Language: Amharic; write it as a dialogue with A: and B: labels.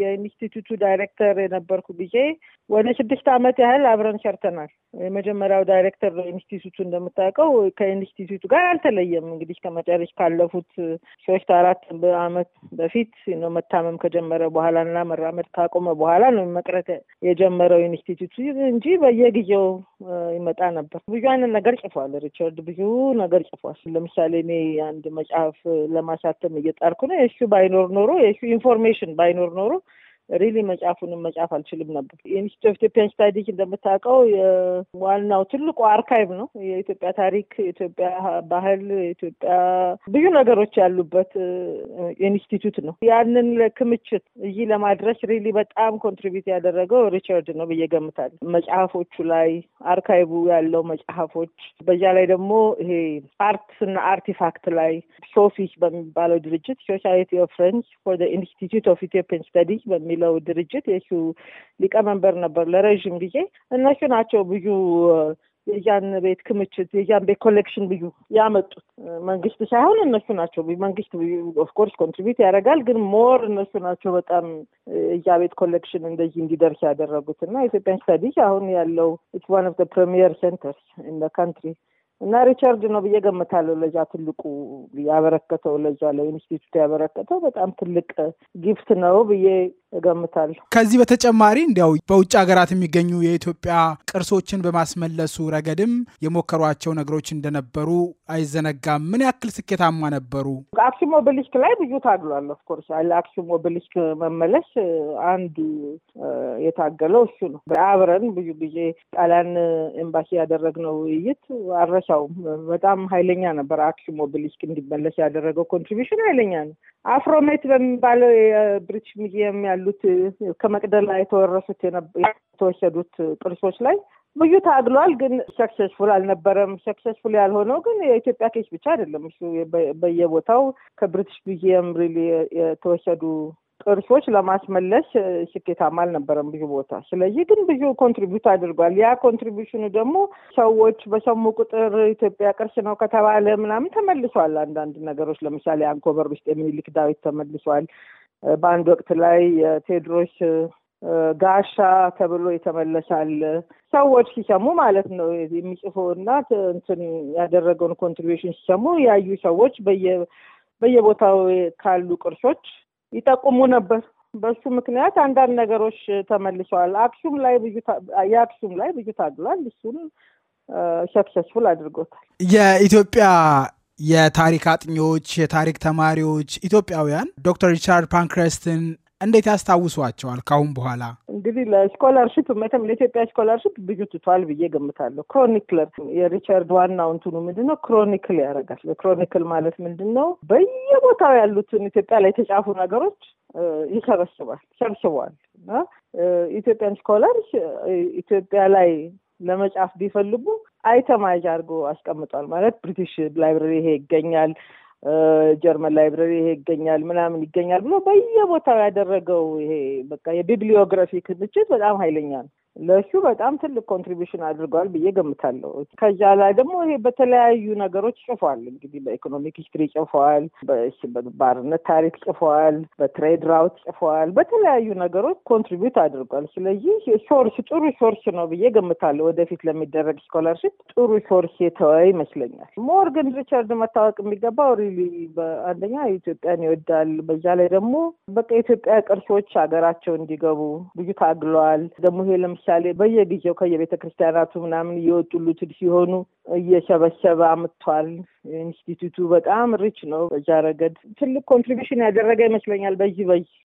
A: የኢንስቲትዩቱ ዳይሬክተር የነበርኩ ጊዜ ወደ ስድስት ዓመት ያህል አብረን ሰርተናል። የመጀመሪያው ዳይሬክተር ኢንስቲትዩቱ እንደምታውቀው ከኢንስቲትዩቱ ጋር አልተለየም። እንግዲህ ከመጨረሻ ካለፉት ሶስት አራት ዓመት በፊት ነው መታመም ከጀመረ በኋላ እና መራመድ ካቆመ በኋላ ነው መቅረት የጀመረው ኢንስቲትዩቱ እንጂ በየጊዜው ይመጣ ነበር። ብዙ አይነት ነገር ጽፏል። ሪቻርድ ብዙ ነገር ጽፏል። ለምሳሌ እኔ አንድ መጽሐፍ ለማሳተም እየጣርኩ ነው። የእሱ ባይኖር ኖሮ የእሱ ኢንፎርሜሽን ባይኖር ኖሮ ሪሊ መጽሐፉንም መጽሐፍ አልችልም ነበር። የኢንስቲትዩት ኦፍ ኢትዮጵያን እንደምታውቀው ዋናው ትልቁ አርካይቭ ነው። የኢትዮጵያ ታሪክ፣ የኢትዮጵያ ባህል፣ የኢትዮጵያ ብዙ ነገሮች ያሉበት ኢንስቲቱት ነው። ያንን ለክምችት እዚህ ለማድረስ ሪሊ በጣም ኮንትሪቢዩት ያደረገው ሪቻርድ ነው ብዬ ገምታለሁ። መጽሐፎቹ ላይ አርካይቡ ያለው መጽሐፎች፣ በዛ ላይ ደግሞ ይሄ አርትስ አርቲፋክት ላይ ሶፊ በሚባለው ድርጅት ሶሳይቲ ኦፍ ፍሬንች ፎር ኢንስቲቱት ኦፍ ኢትዮጵያን ስታዲ በሚ የሚለው ድርጅት የሱ ሊቀመንበር ነበር ለረዥም ጊዜ። እነሱ ናቸው ብዙ የዛን ቤት ክምችት የዛን ቤት ኮሌክሽን ብዙ ያመጡት መንግስት ሳይሆን እነሱ ናቸው። መንግስት ኦፍኮርስ ኮንትሪቢዩት ያደርጋል፣ ግን ሞር እነሱ ናቸው በጣም እዛ ቤት ኮሌክሽን እንደዚህ እንዲደርስ ያደረጉት እና ኢትዮጵያን ስታዲስ አሁን ያለው ኢትስ ዋን ኦፍ ፕሪሚየር ሴንተርስ ኢን ካንትሪ እና ሪቻርድ ነው ብዬ ገምታለሁ። ለዛ ትልቁ ያበረከተው ለዛ ለኢንስቲቱት ያበረከተው በጣም ትልቅ ጊፍት ነው ብዬ እገምታለሁ። ከዚህ በተጨማሪ እንዲያው በውጭ ሀገራት የሚገኙ የኢትዮጵያ ቅርሶችን በማስመለሱ ረገድም የሞከሯቸው ነገሮች እንደነበሩ አይዘነጋም። ምን ያክል ስኬታማ ነበሩ? አክሱም ወብሊስክ ላይ ብዙ ታግሏል። ኦፍኮርስ ለአክሱም ወብሊስክ መመለስ አንዱ የታገለው እሱ ነው። አብረን ብዙ ጊዜ ጣሊያን ኤምባሲ ያደረግነው ውይይት አልረሳውም። በጣም ኃይለኛ ነበር። አክሱም ወብሊስክ እንዲመለስ ያደረገው ኮንትሪቢሽን ኃይለኛ ነው። አፍሮሜት በሚባለው የብሪትሽ ሙዚየም ያሉ ያሉት ከመቅደላ የተወረሱት የተወሰዱት ቅርሶች ላይ ብዙ ታግሏል፣ ግን ሰክሰስፉል አልነበረም። ሰክሰስፉል ያልሆነው ግን የኢትዮጵያ ኬስ ብቻ አይደለም። እሱ በየቦታው ከብሪትሽ ሙዚየም ሪሊ የተወሰዱ ቅርሶች ለማስመለስ ስኬታማ አልነበረም ብዙ ቦታ። ስለዚህ ግን ብዙ ኮንትሪቢዩት አድርጓል። ያ ኮንትሪቢሽኑ ደግሞ ሰዎች በሰሙ ቁጥር ኢትዮጵያ ቅርስ ነው ከተባለ ምናምን ተመልሷል። አንዳንድ ነገሮች ለምሳሌ አንኮበር ውስጥ የሚኒልክ ዳዊት ተመልሷል። በአንድ ወቅት ላይ የቴዎድሮስ ጋሻ ተብሎ የተመለሳል። ሰዎች ሲሰሙ ማለት ነው የሚጽፈው እና እንትን ያደረገውን ኮንትሪቢሽን ሲሰሙ ያዩ ሰዎች በየቦታው ካሉ ቅርሶች ይጠቁሙ ነበር። በሱ ምክንያት አንዳንድ ነገሮች ተመልሰዋል። አክሱም ላይ ብዙ የአክሱም ላይ ብዙ ታግሏል። እሱን ሰክሰስፉል አድርጎታል። የኢትዮጵያ የታሪክ አጥኚዎች፣ የታሪክ ተማሪዎች ኢትዮጵያውያን ዶክተር ሪቻርድ ፓንክረስትን እንዴት ያስታውሷቸዋል? ካሁን በኋላ እንግዲህ ለስኮላርሽፕ መተም ለኢትዮጵያ ስኮላርሽፕ ብዙ ትቷል ብዬ ገምታለሁ። ክሮኒክለር የሪቻርድ ዋናው እንትኑ ምንድን ነው? ክሮኒክል ያደርጋል። ክሮኒክል ማለት ምንድን ነው? በየቦታው ያሉትን ኢትዮጵያ ላይ የተጻፉ ነገሮች ይሰበስባል፣ ሰብስቧል እና ኢትዮጵያን ስኮላርሽ ኢትዮጵያ ላይ ለመጻፍ ቢፈልጉ አይተማጅ አድርጎ አስቀምጧል። ማለት ብሪቲሽ ላይብረሪ ይሄ ይገኛል፣ ጀርመን ላይብረሪ ይሄ ይገኛል፣ ምናምን ይገኛል ብሎ በየቦታው ያደረገው ይሄ በቃ የቢብሊዮግራፊ ክምችት በጣም ኃይለኛ ነው። ለእሱ በጣም ትልቅ ኮንትሪቢሽን አድርገዋል ብዬ ገምታለሁ። ከዛ ላይ ደግሞ ይሄ በተለያዩ ነገሮች ጽፏል። እንግዲህ በኢኮኖሚክ ሂስትሪ ጽፏል፣ በባርነት ታሪክ ጽፏል፣ በትሬድ ራውት ጽፏል፣ በተለያዩ ነገሮች ኮንትሪቢዩት አድርጓል። ስለዚህ ሶርስ ጥሩ ሶርስ ነው ብዬ ገምታለሁ። ወደፊት ለሚደረግ ስኮላርሽፕ ጥሩ ሶርስ የተወ ይመስለኛል። ሞር ግን ሪቻርድ መታወቅ የሚገባው ሪሊ አንደኛ ኢትዮጵያን ይወዳል። በዛ ላይ ደግሞ በቃ የኢትዮጵያ ቅርሶች ሀገራቸው እንዲገቡ ብዙ ታግለዋል። ደግሞ ይሄ ለምስ ለምሳሌ በየጊዜው ከየቤተ ክርስቲያናቱ ምናምን እየወጡ ሲሆኑ እየሰበሰበ አምጥቷል። ኢንስቲትዩቱ በጣም ሪች ነው። በዛ ረገድ ትልቅ ኮንትሪቢሽን ያደረገ ይመስለኛል። በዚህ በዚህ